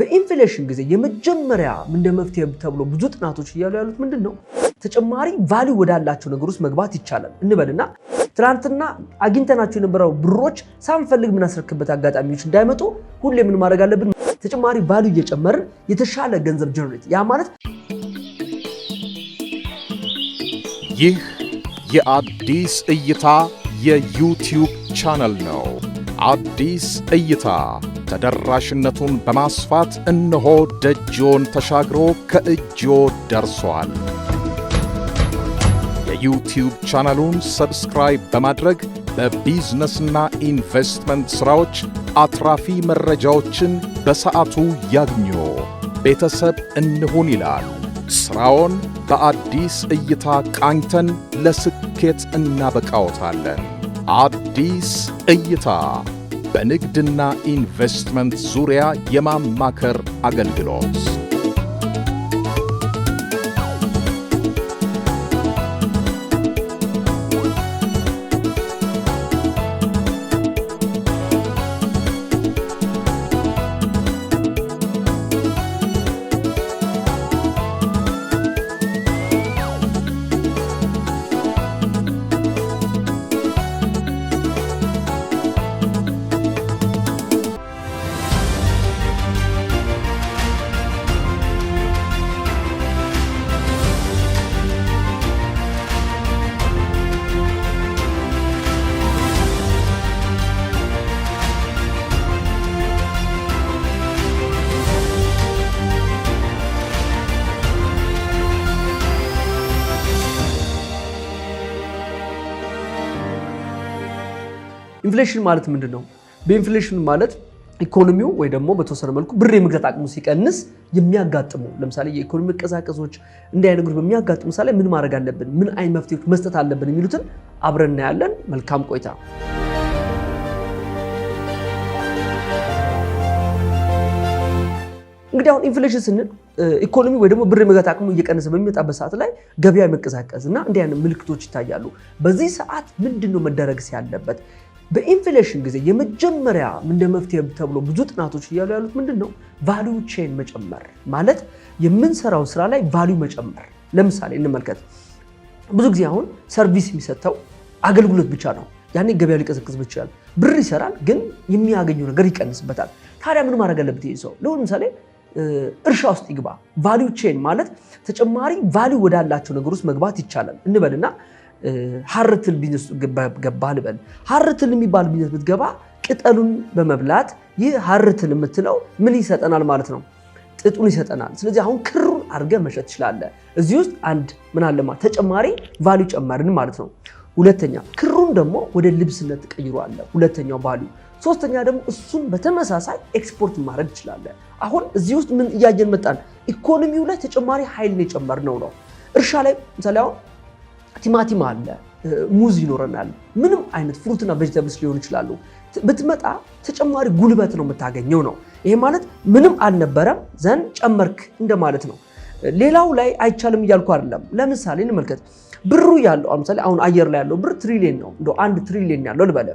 በኢንፍሌሽን ጊዜ የመጀመሪያ እንደ መፍትሄ ተብሎ ብዙ ጥናቶች እያሉ ያሉት ምንድን ነው? ተጨማሪ ቫሊው ወዳላቸው ነገር ውስጥ መግባት ይቻላል እንበልና ትናንትና አግኝተናቸው የነበረው ብሮች ሳንፈልግ የምናስረክበት አጋጣሚዎች እንዳይመጡ ሁሌ ምን ማድረግ አለብን? ተጨማሪ ቫሊዩ እየጨመርን የተሻለ ገንዘብ ጀነሬት። ያ ማለት ይህ የአዲስ እይታ የዩቲዩብ ቻናል ነው። አዲስ እይታ ተደራሽነቱን በማስፋት እነሆ ደጅዎን ተሻግሮ ከእጅዎ ደርሷል። የዩቲዩብ ቻናሉን ሰብስክራይብ በማድረግ በቢዝነስና ኢንቨስትመንት ሥራዎች አትራፊ መረጃዎችን በሰዓቱ ያግኙ። ቤተሰብ እንሁን ይላል። ሥራውን በአዲስ እይታ ቃኝተን ለስኬት እናበቃዎታለን። አዲስ እይታ በንግድና ኢንቨስትመንት ዙሪያ የማማከር አገልግሎት ኢንፍሌሽን ማለት ምንድን ነው? በኢንፍሌሽን ማለት ኢኮኖሚው ወይ ደግሞ በተወሰነ መልኩ ብር የመግዛት አቅሙ ሲቀንስ የሚያጋጥሙ ለምሳሌ የኢኮኖሚ መቀዛቀዞች እንዲህ ነገሮች በሚያጋጥሙ ምሳሌ ምን ማድረግ አለብን፣ ምን አይነት መፍትሄዎች መስጠት አለብን የሚሉትን አብረን እናያለን። መልካም ቆይታ። እንግዲህ አሁን ኢንፍሌሽን ስንል ኢኮኖሚ ወይ ደግሞ ብር የመግዛት አቅሙ እየቀነሰ በሚመጣበት ሰዓት ላይ ገበያ መቀዛቀዝ እና እንዲህ አይነት ምልክቶች ይታያሉ። በዚህ ሰዓት ምንድን ነው መደረግ ያለበት? በኢንፍሌሽን ጊዜ የመጀመሪያ እንደ መፍትሄ ተብሎ ብዙ ጥናቶች እያሉ ያሉት ምንድን ነው? ቫሊዩ ቼን መጨመር ማለት የምንሰራው ስራ ላይ ቫሊዩ መጨመር። ለምሳሌ እንመልከት። ብዙ ጊዜ አሁን ሰርቪስ የሚሰጠው አገልግሎት ብቻ ነው። ያኔ ገበያው ሊቀዘቅዝ ይችላል። ብር ይሰራል፣ ግን የሚያገኘው ነገር ይቀንስበታል። ታዲያ ምን ማድረግ አለበት ይህ ሰው? ለሁን ምሳሌ እርሻ ውስጥ ይግባ። ቫሊዩ ቼን ማለት ተጨማሪ ቫሊዩ ወዳላቸው ነገር ውስጥ መግባት ይቻላል እንበልና ሀርትል ቢዝነስ ገባ ልበል። ሀርትል የሚባል ቢዝነስ ብትገባ ቅጠሉን በመብላት ይህ ሀርትል የምትለው ምን ይሰጠናል ማለት ነው? ጥጡን ይሰጠናል። ስለዚህ አሁን ክሩን አድርገህ መሸጥ ትችላለህ። እዚህ ውስጥ አንድ ምን አለማ ተጨማሪ ቫሉ ጨመርን ማለት ነው። ሁለተኛ ክሩን ደግሞ ወደ ልብስነት ትቀይረዋለህ። ሁለተኛው ቫሉ። ሶስተኛ ደግሞ እሱን በተመሳሳይ ኤክስፖርት ማድረግ ትችላለህ። አሁን እዚህ ውስጥ ምን እያየን መጣን? ኢኮኖሚው ላይ ተጨማሪ ኃይልን የጨመርነው ነው። እርሻ ላይ ምሳሌ አሁን ቲማቲም አለ፣ ሙዝ ይኖረናል። ምንም አይነት ፍሩትና ቬጅተብልስ ሊሆኑ ይችላሉ። ብትመጣ ተጨማሪ ጉልበት ነው የምታገኘው ነው። ይሄ ማለት ምንም አልነበረም ዘንድ ጨመርክ እንደማለት ነው። ሌላው ላይ አይቻልም እያልኩ አይደለም። ለምሳሌ እንመልከት። ብሩ ያለው ለምሳሌ አሁን አየር ላይ ያለው ብር ትሪሊየን ነው፣ እንደ አንድ ትሪሊየን ያለው ልበለ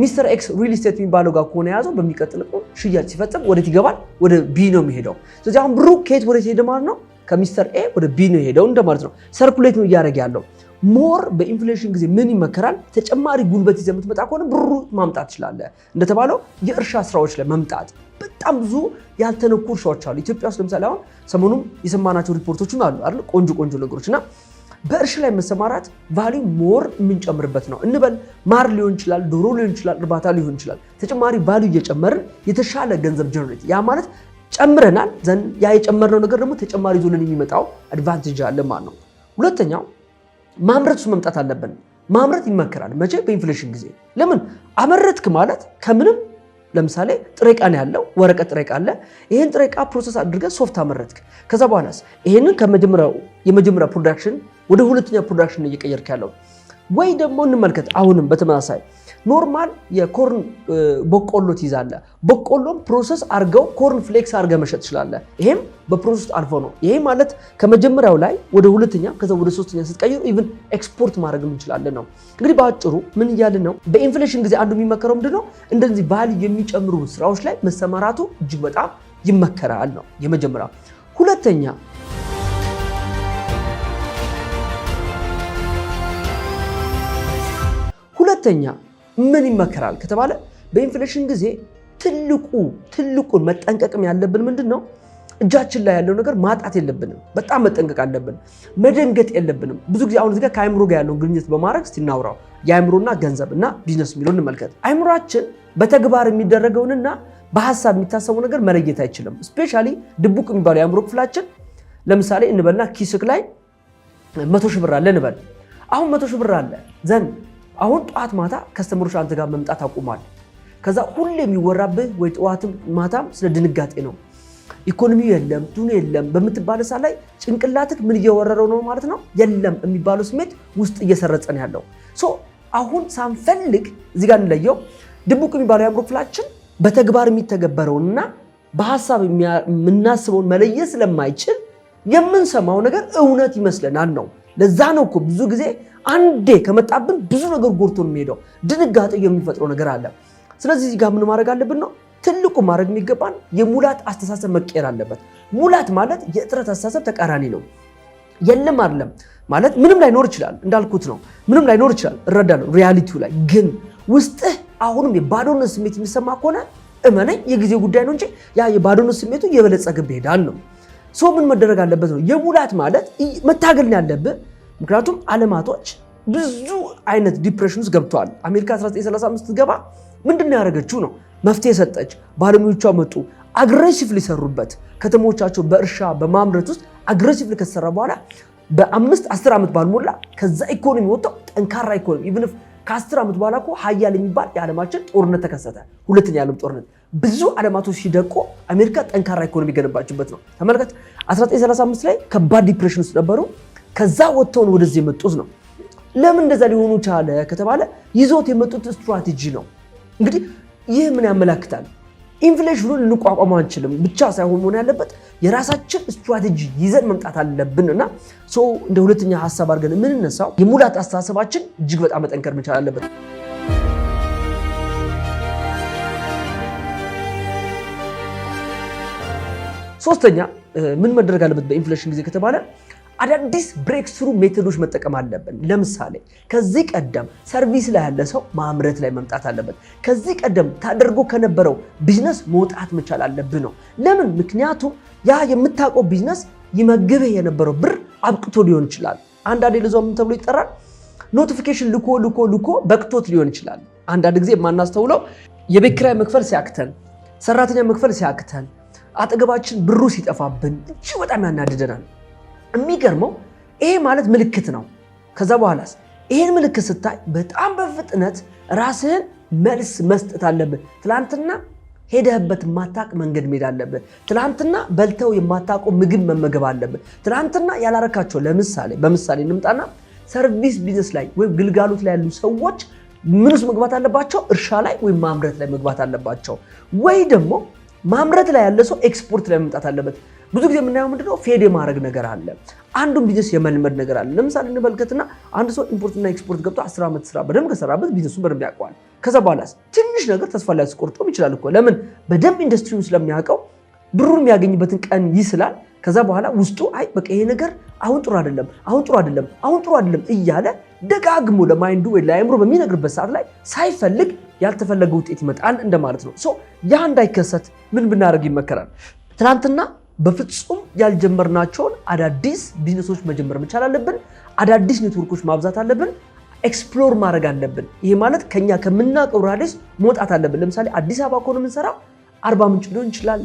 ሚስተር ኤክስ ሪል ስቴት የሚባለው ጋር ከሆነ የያዘው በሚቀጥል ሽያጭ ሲፈጽም ወደት ይገባል? ወደ ቢ ነው የሚሄደው። ስለዚህ አሁን ብሩ ከየት ወደት ሄደ ማለት ነው ከሚስተር ኤ ወደ ቢ ነው የሄደው እንደማለት ነው። ሰርኩሌት ነው እያደረገ ያለው። ሞር በኢንፍሌሽን ጊዜ ምን ይመከራል? ተጨማሪ ጉልበት ይዘህ የምትመጣ ከሆነ ብሩ ማምጣት ትችላለህ። እንደተባለው የእርሻ ስራዎች ላይ መምጣት በጣም ብዙ ያልተነኩ እርሻዎች አሉ ኢትዮጵያ ውስጥ። ለምሳሌ አሁን ሰሞኑም የሰማናቸው ሪፖርቶችም አሉ አይደል? ቆንጆ ቆንጆ ነገሮች እና በእርሻ ላይ መሰማራት ቫሊዩ ሞር የምንጨምርበት ነው እንበል። ማር ሊሆን ይችላል፣ ዶሮ ሊሆን ይችላል፣ እርባታ ሊሆን ይችላል። ተጨማሪ ቫሊዩ እየጨመርን የተሻለ ገንዘብ ጀነሬት ያ ማለት ጨምረናል። ዘን ያ የጨመርነው ነገር ደግሞ ተጨማሪ ይዞልን የሚመጣው አድቫንቴጅ አለ ማለት ነው። ሁለተኛው ማምረት ውስጥ መምጣት አለብን። ማምረት ይመከራል። መቼ? በኢንፍሌሽን ጊዜ። ለምን አመረትክ ማለት ከምንም ለምሳሌ ጥሬ ዕቃ ያለው፣ ወረቀት ጥሬ ዕቃ አለ። ይህን ጥሬ ዕቃ ፕሮሰስ አድርገን ሶፍት አመረትክ። ከዛ በኋላስ ይህንን ከመጀመሪያው የመጀመሪያ ፕሮዳክሽን ወደ ሁለተኛ ፕሮዳክሽን እየቀየርክ ያለው ወይ ደግሞ እንመልከት አሁንም በተመሳሳይ ኖርማል የኮርን በቆሎ ትይዛለ በቆሎም ፕሮሰስ አርገው ኮርን ፍሌክስ አርገ መሸጥ ትችላለ። ይሄም በፕሮሰስ አልፎ ነው። ይሄ ማለት ከመጀመሪያው ላይ ወደ ሁለተኛ ከዛ ወደ ሶስተኛ ስትቀይሩ ኢቭን ኤክስፖርት ማድረግ እንችላለን ነው። እንግዲህ በአጭሩ ምን እያለ ነው? በኢንፍሌሽን ጊዜ አንዱ የሚመከረው ምንድነው? እንደዚህ ባህል የሚጨምሩ ስራዎች ላይ መሰማራቱ እጅግ በጣም ይመከራል ነው የመጀመሪያው። ሁለተኛ ሁለተኛ ምን ይመከራል ከተባለ በኢንፍሌሽን ጊዜ ትልቁ ትልቁን መጠንቀቅም ያለብን ምንድን ነው? እጃችን ላይ ያለው ነገር ማጣት የለብንም። በጣም መጠንቀቅ አለብን። መደንገጥ የለብንም። ብዙ ጊዜ አሁን እዚህ ጋር ጋር ያለውን ግንኙነት በማድረግ ስናውራው የአይምሮና ገንዘብ እና ቢዝነስ የሚለው እንመልከት። አይምሮችን በተግባር የሚደረገውንና በሀሳብ የሚታሰቡ ነገር መለየት አይችልም። ስፔሻሊ ድቡቅ የሚባለው የአይምሮ ክፍላችን ለምሳሌ እንበልና ኪስክ ላይ መቶ ሺህ ብር አለ እንበል። አሁን መቶ ሺህ ብር አለ ዘንድ አሁን ጠዋት ማታ ከስተምሮች አንተ ጋር መምጣት አቁሟል። ከዛ ሁሌ የሚወራብህ ወይ ጠዋትም ማታም ስለ ድንጋጤ ነው። ኢኮኖሚው የለም ቱኑ የለም በምትባለ ሰዓት ላይ ጭንቅላትህ ምን እየወረረው ነው ማለት ነው? የለም የሚባለው ስሜት ውስጥ እየሰረጸ ነው ያለው። አሁን ሳንፈልግ እዚህ ጋር እንለየው። ድቡቅ የሚባለው የአእምሮ ክፍላችን በተግባር የሚተገበረውንና በሀሳብ የምናስበውን መለየት ስለማይችል የምንሰማው ነገር እውነት ይመስለናል ነው ለዛ ነው እኮ ብዙ ጊዜ አንዴ ከመጣብን ብዙ ነገር ጎርቶ ነው የሚሄደው። ድንጋጤ የሚፈጥረው ነገር አለ። ስለዚህ እዚህ ጋር ምን ማድረግ አለብን ነው ትልቁ ማድረግ የሚገባን የሙላት አስተሳሰብ መቀየር አለበት። ሙላት ማለት የእጥረት አስተሳሰብ ተቃራኒ ነው። የለም አይደለም ማለት ምንም ላይኖር ይችላል፣ እንዳልኩት ነው። ምንም ላይኖር ይችላል፣ እረዳለሁ። ሪያሊቲው ላይ ግን ውስጥህ አሁንም የባዶነት ስሜት የሚሰማ ከሆነ እመነኝ የጊዜ ጉዳይ ነው እንጂ ያ የባዶነት ስሜቱ የበለጸገ ይሄዳል ነው ሰው ምን መደረግ አለበት ነው የሙላት ማለት መታገል ያለብህ። ምክንያቱም አለማቶች ብዙ አይነት ዲፕሬሽን ውስጥ ገብተዋል። አሜሪካ 1935 ገባ ምንድን ያደረገችው ነው መፍትሄ ሰጠች። ባለሙያዎቿ መጡ፣ አግሬሲቭ ሊሰሩበት ከተሞቻቸው በእርሻ በማምረት ውስጥ አግሬሲቭ ከተሰራ በኋላ በአምስት አስር ዓመት ባልሞላ ከዛ ኢኮኖሚ ወጥተው ጠንካራ ኢኮኖሚ ከአስር ዓመት በኋላ እኮ ሀያል የሚባል የዓለማችን ጦርነት ተከሰተ። ሁለተኛ የዓለም ጦርነት ብዙ ዓለማቶች ሲደቆ አሜሪካ ጠንካራ ኢኮኖሚ ገነባችበት ነው። ተመልከት 1935 ላይ ከባድ ዲፕሬሽን ውስጥ ነበሩ። ከዛ ወጥተውን ወደዚህ የመጡት ነው። ለምን እንደዛ ሊሆኑ ቻለ ከተባለ ይዞት የመጡት ስትራቴጂ ነው። እንግዲህ ይህ ምን ያመላክታል? ኢንፍሌሽኑን ልንቋቋመው አንችልም ብቻ ሳይሆን መሆን ያለበት የራሳችን ስትራቴጂ ይዘን መምጣት አለብን እና እንደ ሁለተኛ ሀሳብ አድርገን የምንነሳው የሙላት አስተሳሰባችን እጅግ በጣም መጠንከር መቻል አለበት። ሶስተኛ ምን መደረግ አለበት በኢንፍሌሽን ጊዜ ከተባለ አዳዲስ ብሬክ ስሩ ሜቶዶች መጠቀም አለብን። ለምሳሌ ከዚህ ቀደም ሰርቪስ ላይ ያለ ሰው ማምረት ላይ መምጣት አለበት። ከዚህ ቀደም ታደርጎ ከነበረው ቢዝነስ መውጣት መቻል አለብህ ነው። ለምን? ምክንያቱም ያ የምታውቀው ቢዝነስ ይመግብህ የነበረው ብር አብቅቶ ሊሆን ይችላል። አንዳንዴ ልዛው ምን ተብሎ ይጠራል? ኖቲፊኬሽን ልኮ ልኮ ልኮ በቅቶት ሊሆን ይችላል። አንዳንድ ጊዜ የማናስተውለው የቤት ኪራይ መክፈል ሲያክተን፣ ሰራተኛ መክፈል ሲያክተን፣ አጠገባችን ብሩ ሲጠፋብን እጅግ በጣም ያናድደናል። የሚገርመው ይሄ ማለት ምልክት ነው። ከዛ በኋላስ ይህን ምልክት ስታይ በጣም በፍጥነት ራስህን መልስ መስጠት አለብህ። ትላንትና ሄደህበት የማታቅ መንገድ መሄድ አለብህ። ትላንትና በልተው የማታውቁ ምግብ መመገብ አለብህ። ትላንትና ያላረካቸው ለምሳሌ በምሳሌ እንምጣና ሰርቪስ ቢዝነስ ላይ ወይም ግልጋሎት ላይ ያሉ ሰዎች ምን ውስጥ መግባት አለባቸው? እርሻ ላይ ወይም ማምረት ላይ መግባት አለባቸው። ወይ ደግሞ ማምረት ላይ ያለ ሰው ኤክስፖርት ላይ መምጣት አለበት። ብዙ ጊዜ የምናየው ምንድነው ፌድ የማድረግ ነገር አለ። አንዱን ቢዝነስ የመልመድ ነገር አለ። ለምሳሌ እንመልከትና አንድ ሰው ኢምፖርትና ኤክስፖርት ገብቶ አስር ዓመት ስራ በደንብ ከሰራበት ቢዝነሱን በደንብ ያውቀዋል። ከዛ በኋላ ትንሽ ነገር ተስፋ ላይ ያስቆርጦም ይችላል እኮ ለምን? በደንብ ኢንዱስትሪውን ስለሚያውቀው ብሩን የሚያገኝበትን ቀን ይስላል። ከዛ በኋላ ውስጡ አይ በቃ ይሄ ነገር አሁን ጥሩ አይደለም፣ አሁን ጥሩ አይደለም፣ አሁን ጥሩ አይደለም እያለ ደጋግሞ ለማይንዱ ወይ ለአእምሮ በሚነግርበት ሰዓት ላይ ሳይፈልግ ያልተፈለገ ውጤት ይመጣል እንደማለት ነው። ያ እንዳይከሰት ምን ብናደርግ ይመከራል? ትናንትና በፍጹም ያልጀመርናቸውን አዳዲስ ቢዝነሶች መጀመር መቻል አለብን። አዳዲስ ኔትወርኮች ማብዛት አለብን። ኤክስፕሎር ማድረግ አለብን። ይሄ ማለት ከኛ ከምናውቀው ራዲየስ መውጣት አለብን። ለምሳሌ አዲስ አበባ ከሆነ የምንሰራው አርባ ምንጭ ሊሆን ይችላል፣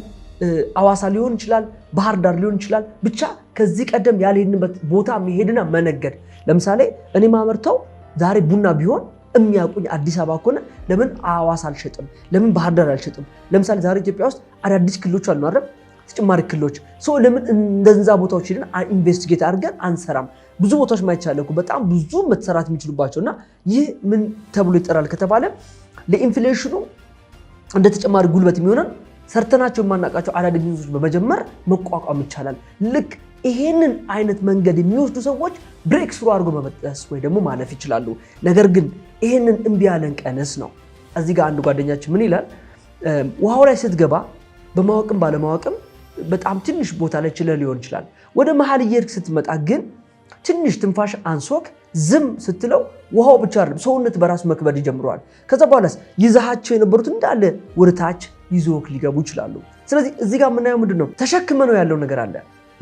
አዋሳ ሊሆን ይችላል፣ ባህር ዳር ሊሆን ይችላል። ብቻ ከዚህ ቀደም ያልሄድንበት ቦታ መሄድና መነገድ። ለምሳሌ እኔ ማመርተው ዛሬ ቡና ቢሆን የሚያውቁኝ አዲስ አበባ ከሆነ ለምን አዋሳ አልሸጥም? ለምን ባህር ዳር አልሸጥም? ለምሳሌ ዛሬ ኢትዮጵያ ውስጥ አዳዲስ ክልሎች አሉ አይደል? ተጨማሪ ክልሎች ሰው ለምን እንደዛ ቦታዎች ሄደን ኢንቨስቲጌት አድርገን አንሰራም? ብዙ ቦታዎች ማይቻለ በጣም ብዙ መሰራት የሚችሉባቸው እና ይህ ምን ተብሎ ይጠራል ከተባለ ለኢንፍሌሽኑ እንደ ተጨማሪ ጉልበት የሚሆነን ሰርተናቸው የማናውቃቸው አዳዲስ ቢዝነሶች በመጀመር መቋቋም ይቻላል። ልክ ይሄንን አይነት መንገድ የሚወስዱ ሰዎች ብሬክ ስሩ አድርጎ መመጠስ ወይ ደግሞ ማለፍ ይችላሉ። ነገር ግን ይሄንን እምቢ ያለን ቀነስ ነው። እዚህ ጋር አንድ ጓደኛችን ምን ይላል ውሃው ላይ ስትገባ በማወቅም ባለማወቅም በጣም ትንሽ ቦታ ላይ ችለህ ሊሆን ይችላል። ወደ መሀል እየሄድክ ስትመጣ ግን ትንሽ ትንፋሽ አንሶክ ዝም ስትለው ውሃው ብቻ አይደለም ሰውነት በራሱ መክበድ ይጀምረዋል። ከዛ በኋላስ ይዛሃቸው የነበሩት እንዳለ ወደ ታች ይዞክ ሊገቡ ይችላሉ። ስለዚህ እዚህ ጋር የምናየው ምንድን ነው? ተሸክመ ነው ያለው ነገር አለ።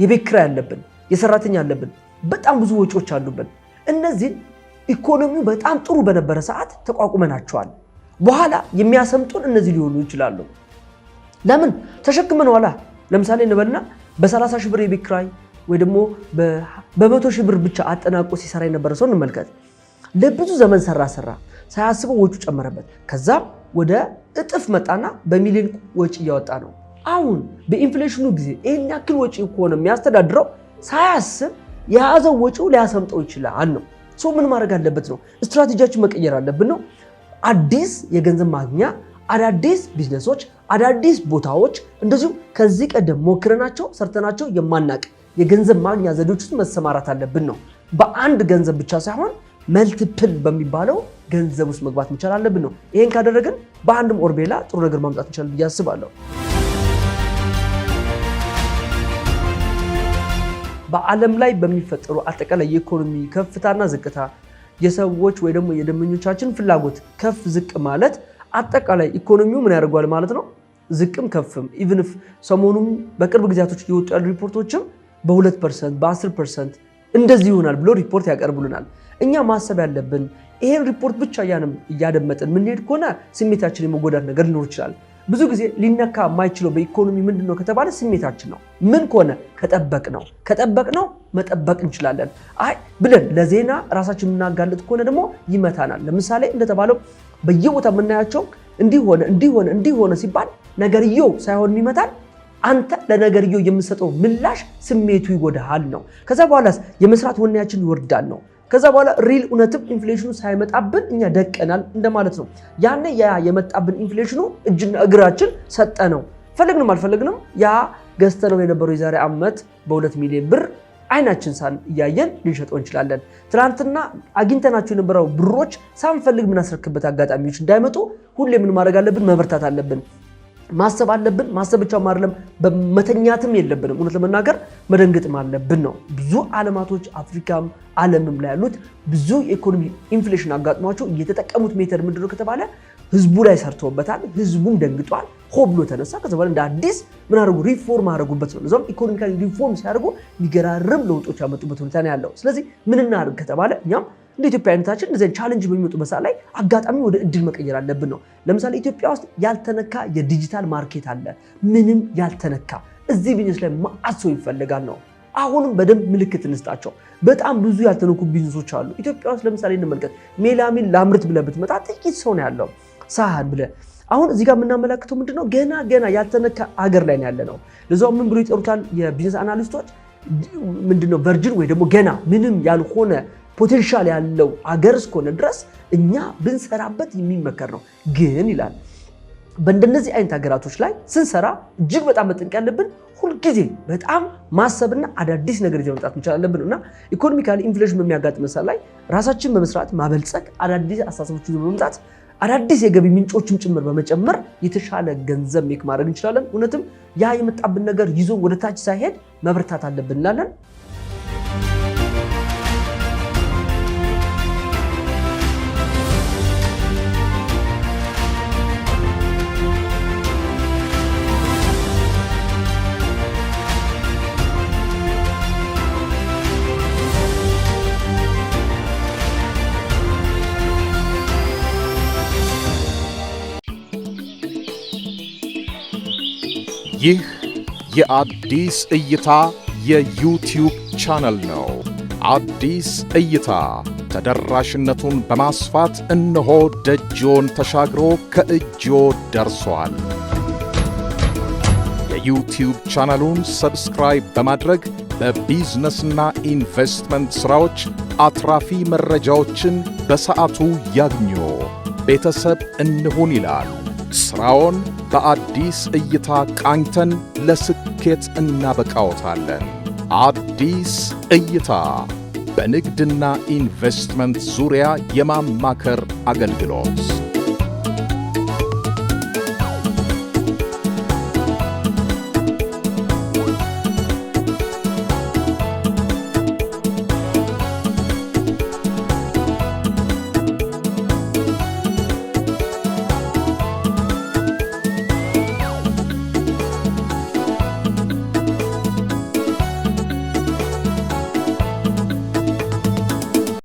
የቤት ያለብን፣ የሰራተኛ አለብን፣ በጣም ብዙ ወጪዎች አሉብን። እነዚህን ኢኮኖሚው በጣም ጥሩ በነበረ ሰዓት ተቋቁመናቸዋል። በኋላ የሚያሰምጡን እነዚህ ሊሆኑ ይችላሉ። ለምን ተሸክመን ኋላ ለምሳሌ እንበልና በ30 ሺህ ብር የቤት ኪራይ ወይ ደግሞ በመቶ ሺህ ብር ብቻ አጠናቆ ሲሰራ የነበረ ሰው እንመልከት። ለብዙ ዘመን ሰራ ሰራ ሳያስበው ወጩ ጨመረበት። ከዛም ወደ እጥፍ መጣና በሚሊዮን ወጪ እያወጣ ነው። አሁን በኢንፍሌሽኑ ጊዜ ይህን ያክል ወጪ ከሆነ የሚያስተዳድረው ሳያስብ የያዘው ወጪው ሊያሰምጠው ይችላል ነው። ሰው ምን ማድረግ አለበት ነው? ስትራቴጂያችን መቀየር አለብን ነው። አዲስ የገንዘብ ማግኛ አዳዲስ ቢዝነሶች አዳዲስ ቦታዎች እንደዚሁም ከዚህ ቀደም ሞክረናቸው ሰርተናቸው የማናቅ የገንዘብ ማግኛ ዘዴዎች ውስጥ መሰማራት አለብን ነው። በአንድ ገንዘብ ብቻ ሳይሆን መልትፕል በሚባለው ገንዘብ ውስጥ መግባት መቻል አለብን ነው። ይህን ካደረግን በአንድም ኦርቤላ ጥሩ ነገር ማምጣት ይቻል ብዬ አስባለሁ። በዓለም ላይ በሚፈጠሩ አጠቃላይ የኢኮኖሚ ከፍታና ዝቅታ የሰዎች ወይ ደግሞ የደንበኞቻችን ፍላጎት ከፍ ዝቅ ማለት አጠቃላይ ኢኮኖሚው ምን ያደርገዋል ማለት ነው ዝቅም ከፍም ኢቭን ሰሞኑም በቅርብ ጊዜያቶች እየወጡ ያሉ ሪፖርቶችም በ2 ፐርሰንት በ10 ፐርሰንት እንደዚህ ይሆናል ብሎ ሪፖርት ያቀርቡልናል። እኛ ማሰብ ያለብን ይሄን ሪፖርት ብቻ ያንም እያደመጥን ምንሄድ ከሆነ ስሜታችን የመጎዳት ነገር ሊኖር ይችላል። ብዙ ጊዜ ሊነካ የማይችለው በኢኮኖሚ ምንድን ነው ከተባለ ስሜታችን ነው። ምን ከሆነ ከጠበቅ ነው ከጠበቅ ነው መጠበቅ እንችላለን። አይ ብለን ለዜና ራሳችን የምናጋልጥ ከሆነ ደግሞ ይመታናል። ለምሳሌ እንደተባለው በየቦታ የምናያቸው እንዲሆነ እንዲሆነ እንዲሆነ ሲባል ነገርየው ሳይሆን የሚመታል አንተ ለነገርየው የምሰጠው ምላሽ ስሜቱ ይጎዳሃል ነው። ከዛ በኋላ የመስራት ወኔያችን ይወርዳል ነው። ከዛ በኋላ ሪል እውነትም ኢንፍሌሽኑ ሳይመጣብን እኛ ደቀናል እንደማለት ነው። ያኔ ያ የመጣብን ኢንፍሌሽኑ እጅና እግራችን ሰጠ ነው። ፈለግንም አልፈለግንም ያ ገዝተነው የነበረው የዛሬ ዓመት በሁለት ሚሊዮን ብር አይናችን ሳን እያየን ልንሸጠው እንችላለን። ትናንትና አግኝተናቸው የነበረው ብሮች ሳንፈልግ የምናስረክበት አጋጣሚዎች እንዳይመጡ ሁሌ ምን ማድረግ አለብን? መበርታት አለብን። ማሰብ አለብን። ማሰብ ብቻም አይደለም፣ በመተኛትም የለብንም። እውነት ለመናገር መደንገጥም አለብን ነው። ብዙ አለማቶች አፍሪካም አለምም ላይ ያሉት ብዙ የኢኮኖሚ ኢንፍሌሽን አጋጥሟቸው የተጠቀሙት ሜተድ ምንድን ነው ከተባለ ህዝቡ ላይ ሰርተውበታል። ህዝቡም ደንግጧል። ሆ ብሎ ተነሳ። ከዛ በኋላ እንደ አዲስ ምን አደረጉ? ሪፎርም አደረጉበት ነው። እዛም ኢኮኖሚካ ሪፎርም ሲያደርጉ የሚገራርም ለውጦች ያመጡበት ሁኔታ ነው ያለው። ስለዚህ ምን ከተባለ እኛም እንደ ኢትዮጵያዊነታችን እንደዚህ ቻለንጅ በሚመጡ ሰዓት ላይ አጋጣሚ ወደ እድል መቀየር አለብን ነው። ለምሳሌ ኢትዮጵያ ውስጥ ያልተነካ የዲጂታል ማርኬት አለ፣ ምንም ያልተነካ። እዚህ ቢዝነስ ላይ ማአት ሰው ይፈልጋል ነው። አሁንም በደንብ ምልክት እንስጣቸው። በጣም ብዙ ያልተነኩ ቢዝነሶች አሉ ኢትዮጵያ ውስጥ። ለምሳሌ እንመልከት። ሜላሚን ላምርት ብለህ ብትመጣ ጥቂት ሰው ነው ያለው። ሳህን ብለህ አሁን እዚህ ጋር የምናመላክተው ምንድን ነው? ገና ገና ያልተነካ አገር ላይ ነው ያለ ነው። ለዛው ምን ብሎ ይጠሩታል የቢዝነስ አናሊስቶች ምንድነው? ቨርጅን ወይ ደግሞ ገና ምንም ያልሆነ ፖቴንሻል ያለው አገር እስከሆነ ድረስ እኛ ብንሰራበት የሚመከር ነው። ግን ይላል በእንደነዚህ አይነት ሀገራቶች ላይ ስንሰራ እጅግ በጣም መጠንቅ ያለብን ሁልጊዜ በጣም ማሰብና አዳዲስ ነገር ይዘን መምጣት መቻል አለብን እና ኢኮኖሚካሊ ኢንፍሌሽን በሚያጋጥም ሰዓት ላይ ራሳችን በመስራት ማበልጸግ፣ አዳዲስ አስተሳሰቦች በመምጣት አዳዲስ የገቢ ምንጮችም ጭምር በመጨመር የተሻለ ገንዘብ ሜክ ማድረግ እንችላለን። እውነትም ያ የመጣብን ነገር ይዞ ወደ ታች ሳይሄድ መበርታት አለብን እንላለን። ይህ የአዲስ እይታ የዩቲዩብ ቻናል ነው። አዲስ እይታ ተደራሽነቱን በማስፋት እነሆ ደጅዎን ተሻግሮ ከእጅዎ ደርሷል። የዩቲዩብ ቻናሉን ሰብስክራይብ በማድረግ በቢዝነስና ኢንቨስትመንት ሥራዎች አትራፊ መረጃዎችን በሰዓቱ ያግኙ። ቤተሰብ እንሁን ይላል ሥራውን በአዲስ እይታ ቃኝተን ለስኬት እናበቃዎታለን። አዲስ እይታ በንግድና ኢንቨስትመንት ዙሪያ የማማከር አገልግሎት